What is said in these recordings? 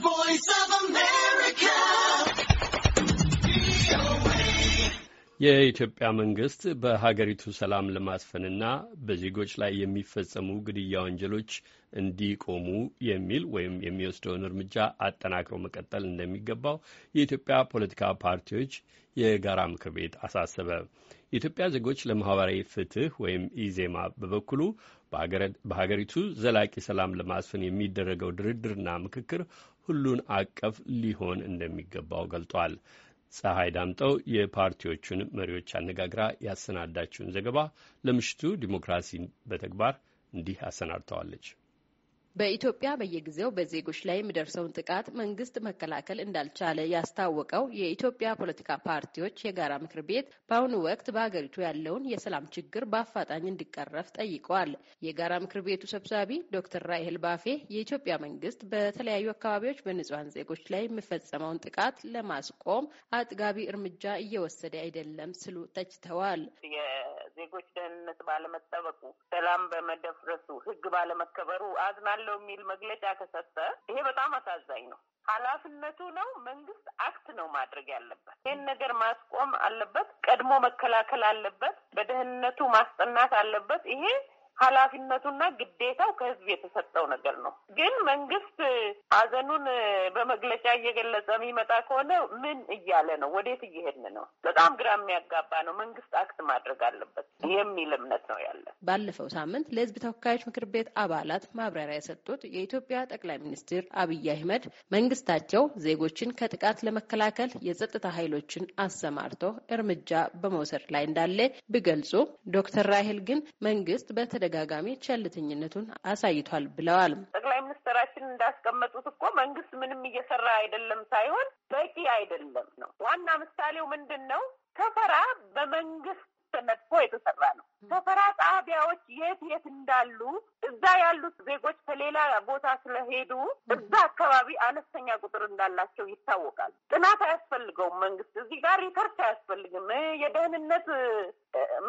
voice of የኢትዮጵያ መንግስት በሀገሪቱ ሰላም ለማስፈንና በዜጎች ላይ የሚፈጸሙ ግድያ ወንጀሎች እንዲቆሙ የሚል ወይም የሚወስደውን እርምጃ አጠናክሮ መቀጠል እንደሚገባው የኢትዮጵያ ፖለቲካ ፓርቲዎች የጋራ ምክር ቤት አሳሰበ። የኢትዮጵያ ዜጎች ለማህበራዊ ፍትህ ወይም ኢዜማ በበኩሉ በሀገሪቱ ዘላቂ ሰላም ለማስፈን የሚደረገው ድርድርና ምክክር ሁሉን አቀፍ ሊሆን እንደሚገባው ገልጧል። ፀሐይ ዳምጠው የፓርቲዎቹን መሪዎች አነጋግራ ያሰናዳችውን ዘገባ ለምሽቱ ዲሞክራሲን በተግባር እንዲህ አሰናድተዋለች። በኢትዮጵያ በየጊዜው በዜጎች ላይ የሚደርሰውን ጥቃት መንግስት መከላከል እንዳልቻለ ያስታወቀው የኢትዮጵያ ፖለቲካ ፓርቲዎች የጋራ ምክር ቤት በአሁኑ ወቅት በሀገሪቱ ያለውን የሰላም ችግር በአፋጣኝ እንዲቀረፍ ጠይቀዋል። የጋራ ምክር ቤቱ ሰብሳቢ ዶክተር ራይህል ባፌ የኢትዮጵያ መንግስት በተለያዩ አካባቢዎች በንጹሐን ዜጎች ላይ የሚፈጸመውን ጥቃት ለማስቆም አጥጋቢ እርምጃ እየወሰደ አይደለም ስሉ ተችተዋል። ዜጎች ደህንነት ባለመጠበቁ፣ ሰላም በመደፍረሱ፣ ህግ ባለመከበሩ አዝናለው የሚል መግለጫ ከሰጠ ይሄ በጣም አሳዛኝ ነው። ኃላፊነቱ ነው መንግስት አክት ነው ማድረግ ያለበት። ይህን ነገር ማስቆም አለበት። ቀድሞ መከላከል አለበት። በደህንነቱ ማስጠናት አለበት። ይሄ ኃላፊነቱና ግዴታው ከህዝብ የተሰጠው ነገር ነው። ግን መንግስት ሀዘኑን በመግለጫ እየገለጸ የሚመጣ ከሆነ ምን እያለ ነው? ወዴት እየሄድን ነው? በጣም ግራ የሚያጋባ ነው። መንግስት አክት ማድረግ አለበት የሚል እምነት ነው ያለ። ባለፈው ሳምንት ለህዝብ ተወካዮች ምክር ቤት አባላት ማብራሪያ የሰጡት የኢትዮጵያ ጠቅላይ ሚኒስትር አብይ አህመድ መንግስታቸው ዜጎችን ከጥቃት ለመከላከል የጸጥታ ኃይሎችን አሰማርተው እርምጃ በመውሰድ ላይ እንዳለ ቢገልጹ ዶክተር ራሄል ግን መንግስት በተደ በተደጋጋሚ ቸልተኝነቱን አሳይቷል ብለዋል። ጠቅላይ ሚኒስትራችን እንዳስቀመጡት እኮ መንግስት ምንም እየሰራ አይደለም ሳይሆን በቂ አይደለም ነው። ዋና ምሳሌው ምንድን ነው? ተፈራ በመንግስት ተነጥፎ የተሰራ ነው። ሰፈራ ጣቢያዎች የት የት እንዳሉ እዛ ያሉት ዜጎች ከሌላ ቦታ ስለሄዱ እዛ አካባቢ አነስተኛ ቁጥር እንዳላቸው ይታወቃል። ጥናት አያስፈልገውም። መንግስት እዚህ ጋር ሪከርስ አያስፈልግም። የደህንነት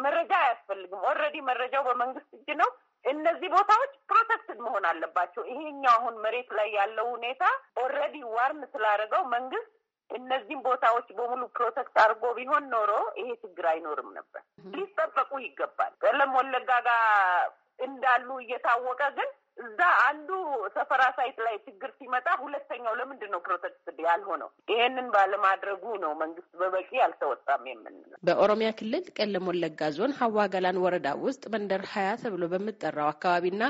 መረጃ አያስፈልግም። ኦልሬዲ መረጃው በመንግስት እጅ ነው። እነዚህ ቦታዎች ፕሮቴክትድ መሆን አለባቸው። ይሄኛው አሁን መሬት ላይ ያለው ሁኔታ ኦልሬዲ ዋርን ስላደረገው መንግስት እነዚህም ቦታዎች በሙሉ ፕሮቴክት አድርጎ ቢሆን ኖሮ ይሄ ችግር አይኖርም ነበር። ሊጠበቁ ይገባል። ቀለም ወለጋ ጋር እንዳሉ እየታወቀ ግን እዛ አንዱ ሰፈራ ሳይት ላይ ችግር ሲመጣ ሁለተኛው ለምንድን ነው ፕሮቴክት ያልሆነው? ይሄንን ባለማድረጉ ነው መንግስት በበቂ አልተወጣም የምንለው። በኦሮሚያ ክልል ቄለም ወለጋ ዞን ሀዋ ገላን ወረዳ ውስጥ መንደር ሀያ ተብሎ በምጠራው አካባቢና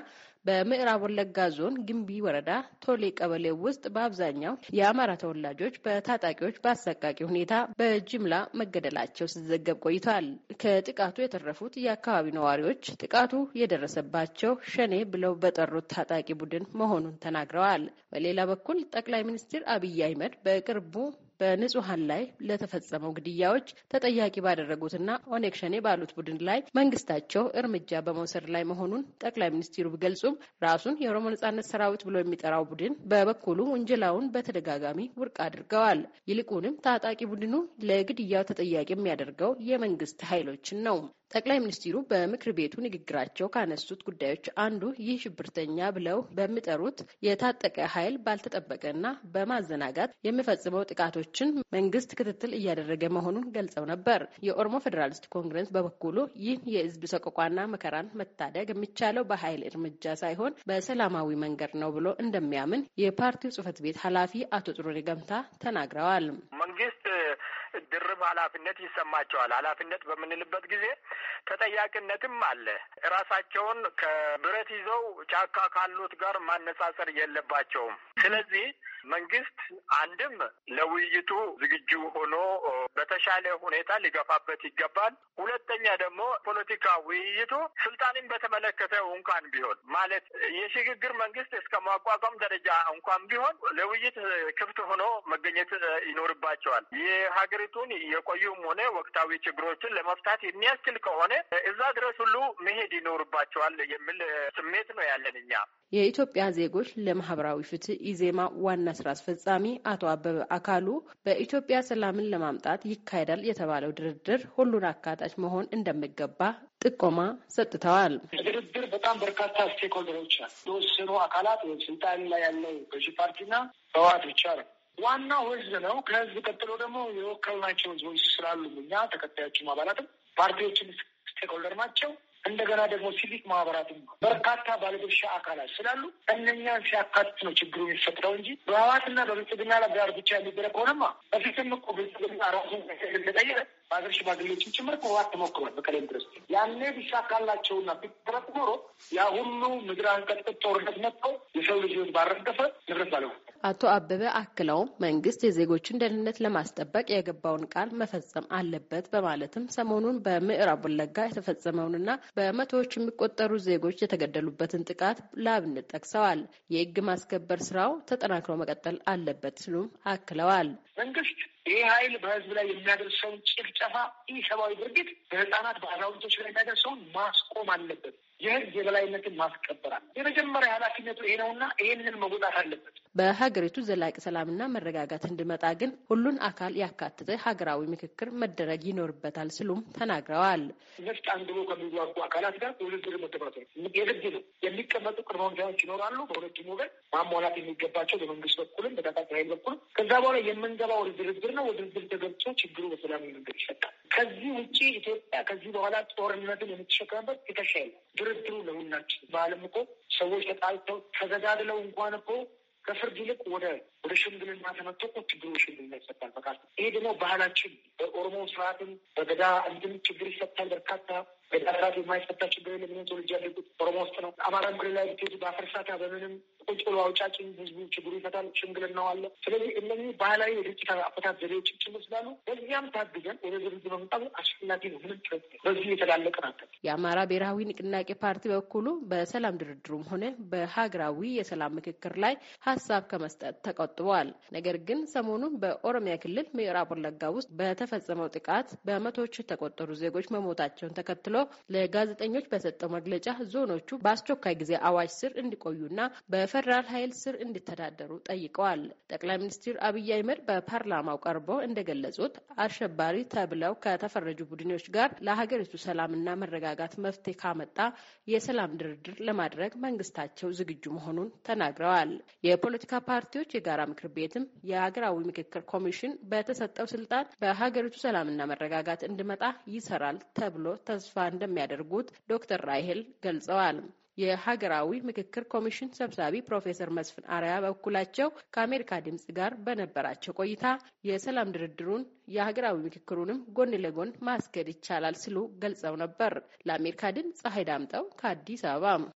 በምዕራብ ወለጋ ዞን ግንቢ ወረዳ ቶሌ ቀበሌ ውስጥ በአብዛኛው የአማራ ተወላጆች በታጣቂዎች በአሰቃቂ ሁኔታ በጅምላ መገደላቸው ሲዘገብ ቆይቷል። ከጥቃቱ የተረፉት የአካባቢው ነዋሪዎች ጥቃቱ የደረሰባቸው ሸኔ ብለው በጠሩት ታጣቂ ቡድን መሆኑን ተናግረዋል። በሌላ በኩል ጠቅላይ ሚኒስትር አብይ አህመድ በቅርቡ በንጹሀን ላይ ለተፈጸመው ግድያዎች ተጠያቂ ባደረጉትና ኦነግ ሸኔ ባሉት ቡድን ላይ መንግስታቸው እርምጃ በመውሰድ ላይ መሆኑን ጠቅላይ ሚኒስትሩ ቢገልጹም ራሱን የኦሮሞ ነጻነት ሰራዊት ብሎ የሚጠራው ቡድን በበኩሉ ውንጀላውን በተደጋጋሚ ውድቅ አድርገዋል። ይልቁንም ታጣቂ ቡድኑ ለግድያው ተጠያቂ የሚያደርገው የመንግስት ኃይሎችን ነው። ጠቅላይ ሚኒስትሩ በምክር ቤቱ ንግግራቸው ካነሱት ጉዳዮች አንዱ ይህ ሽብርተኛ ብለው በሚጠሩት የታጠቀ ኃይል ባልተጠበቀና በማዘናጋት የሚፈጽመው ጥቃቶችን መንግስት ክትትል እያደረገ መሆኑን ገልጸው ነበር። የኦሮሞ ፌዴራሊስት ኮንግረስ በበኩሉ ይህን የህዝብ ሰቆቋና መከራን መታደግ የሚቻለው በኃይል እርምጃ ሳይሆን በሰላማዊ መንገድ ነው ብሎ እንደሚያምን የፓርቲው ጽህፈት ቤት ኃላፊ አቶ ጥሩኔ ገምታ ተናግረዋል። መንግስት ድርብ ኃላፊነት ይሰማቸዋል። ኃላፊነት በምንልበት ጊዜ ተጠያቂነትም አለ። ራሳቸውን ከብረት ይዘው ጫካ ካሉት ጋር ማነጻጸር የለባቸውም። ስለዚህ መንግስት አንድም ለውይይቱ ዝግጁ ሆኖ በተሻለ ሁኔታ ሊገፋበት ይገባል። ሁለተኛ ደግሞ ፖለቲካ ውይይቱ ስልጣንን በተመለከተ እንኳን ቢሆን ማለት የሽግግር መንግስት እስከ ማቋቋም ደረጃ እንኳን ቢሆን ለውይይት ክፍት ሆኖ መገኘት ይኖርባቸዋል። የሀገሪቱን የቆዩም ሆነ ወቅታዊ ችግሮችን ለመፍታት የሚያስችል ከሆነ እዛ ድረስ ሁሉ መሄድ ይኖርባቸዋል የሚል ስሜት ነው ያለን እኛ። የኢትዮጵያ ዜጎች ለማህበራዊ ፍትህ ኢዜማ ዋና ስራ አስፈጻሚ አቶ አበበ አካሉ በኢትዮጵያ ሰላምን ለማምጣት ይካሄዳል የተባለው ድርድር ሁሉን አካታች መሆን እንደሚገባ ጥቆማ ሰጥተዋል። ድርድር በጣም በርካታ ስቴክሆልደሮች አሉ። የተወሰኑ አካላት ወይም ስልጣን ላይ ያለው ገዢ ፓርቲና ህወሓት ብቻ ነው። ዋናው ህዝብ ነው። ከህዝብ ቀጥሎ ደግሞ የወከልናቸው ህዝቦች ስላሉ እኛ ተከታዮችም አባላትም ፓርቲዎችም ስቴክሆልደር ናቸው። እንደገና ደግሞ ሲቪክ ማህበራትም በርካታ ባለድርሻ አካላት ስላሉ እነኛን ሲያካትት ነው ችግሩ የሚፈጥረው እንጂ በህዋትና በብልጽግና ጋር ብቻ የሚደረግ ከሆነማ በፊትም እኮ ብልጽግና ራሱ እንደጠየቀ በሀገር ሽማግሌዎችን ጭምር ህዋት ተሞክሯል። በቀደም ድረስ ያኔ ቢሳካላቸውና ቢጠረቅ ኖሮ ያ ሁሉ ምድር አንቀጥቅጥ ጦርነት መጥተው የሰው ልጅ ባረገፈ ንብረት ባለሁ አቶ አበበ አክለውም መንግስት የዜጎችን ደህንነት ለማስጠበቅ የገባውን ቃል መፈጸም አለበት በማለትም ሰሞኑን በምዕራብ ወለጋ የተፈጸመውንና በመቶዎች የሚቆጠሩ ዜጎች የተገደሉበትን ጥቃት ለአብነት ጠቅሰዋል። የህግ ማስከበር ስራው ተጠናክሮ መቀጠል አለበት ሲሉም አክለዋል። መንግስት ይህ ኃይል በህዝብ ላይ የሚያደርሰውን ጭፍጨፋ፣ ኢሰብአዊ ድርጊት በህፃናት በአዛውንቶች ላይ የሚያደርሰውን ማስቆም አለበት። የህግ የበላይነትን ማስከበራል። የመጀመሪያ ኃላፊነቱ ይሄ ነውና ይህንን መወጣት አለበት። በሀገሪቱ ዘላቂ ሰላምና መረጋጋት እንዲመጣ ግን ሁሉን አካል ያካተተ ሀገራዊ ምክክር መደረግ ይኖርበታል ሲሉም ተናግረዋል። ነፍጥ አንግቦ ከሚዋጉ አካላት ጋር ውድድር መደባት የግድ ነው። የሚቀመጡ ቅድመ ሁኔታዎች ይኖራሉ። በሁለቱም ወገን ማሟላት የሚገባቸው በመንግስት በኩልም በታጣቂ ኃይል በኩልም ከዛ በኋላ የምንገባው ድርድር ነው ውድድር ተገብቶ ችግሩ በሰላም መንገድ ይፈታል። ከዚህ ውጭ ኢትዮጵያ ከዚህ በኋላ ጦርነትን የምትሸከምበት ትከሻ የለም። ድርድሩ ለሁላችን በዓለም እኮ ሰዎች ተጣልተው ተዘዳድለው እንኳን እኮ ከፍርድ ይልቅ ወደ ወደ ሽምግልና ተመቶ እኮ ችግሩ ሽምግልና ይፈታል። በቃ ይሄ ደግሞ ባህላችን በኦሮሞ ስርዓትም በገዳ እንድም ችግር ይፈታል። በርካታ በዳራት የማይፈታ ችግር የለም። እኔ ተወልጄ ኦሮሞ ውስጥ ነው። አማራም ክልል ላይ ብትሄድ በአፈር በምንም ቁጭ ብሎ አውጫጭን ህዝቡ ችግሩ ይፈታል። ሽምግልናው አለ። ስለዚህ እነዚህ ባህላዊ የድርጅት አፈታት ዘዴዎች ጭምር ይመስላሉ። በዚያም ታግዘን ወደ ድርጅት መምጣት አስፈላጊ ነው። ምንም ጥረት በዚህ የተላለቀ ናቸው። የአማራ ብሔራዊ ንቅናቄ ፓርቲ በኩሉ በሰላም ድርድሩም ሆነ በሀገራዊ የሰላም ምክክር ላይ ሀሳብ ከመስጠት ተቆጥበዋል። ነገር ግን ሰሞኑን በኦሮሚያ ክልል ምዕራብ ወለጋ ውስጥ በተፈጸመው ጥቃት በመቶዎች የተቆጠሩ ዜጎች መሞታቸውን ተከትሎ ለጋዜጠኞች በሰጠው መግለጫ ዞኖቹ በአስቸኳይ ጊዜ አዋጅ ስር እንዲቆዩና በፌዴራል ኃይል ስር እንዲተዳደሩ ጠይቀዋል። ጠቅላይ ሚኒስትር አብይ አህመድ በፓርላማው ቀርበው እንደገለጹት አሸባሪ ተብለው ከተፈረጁ ቡድኖች ጋር ለሀገሪቱ ሰላምና መረጋጋት መፍትሄ ካመጣ የሰላም ድርድር ለማድረግ መንግስታቸው ዝግጁ መሆኑን ተናግረዋል። የፖለቲካ ፓርቲዎች የጋራ ምክር ቤትም የሀገራዊ ምክክር ኮሚሽን በተሰጠው ስልጣን በሀገሪቱ ሰላምና መረጋጋት እንዲመጣ ይሰራል ተብሎ ተስፋ እንደሚያደርጉት ዶክተር ራይሄል ገልጸዋል። የሀገራዊ ምክክር ኮሚሽን ሰብሳቢ ፕሮፌሰር መስፍን አርያ በኩላቸው ከአሜሪካ ድምጽ ጋር በነበራቸው ቆይታ የሰላም ድርድሩን የሀገራዊ ምክክሩንም ጎን ለጎን ማስገድ ይቻላል ሲሉ ገልጸው ነበር። ለአሜሪካ ድምፅ ፀሐይ ዳምጠው ከአዲስ አበባ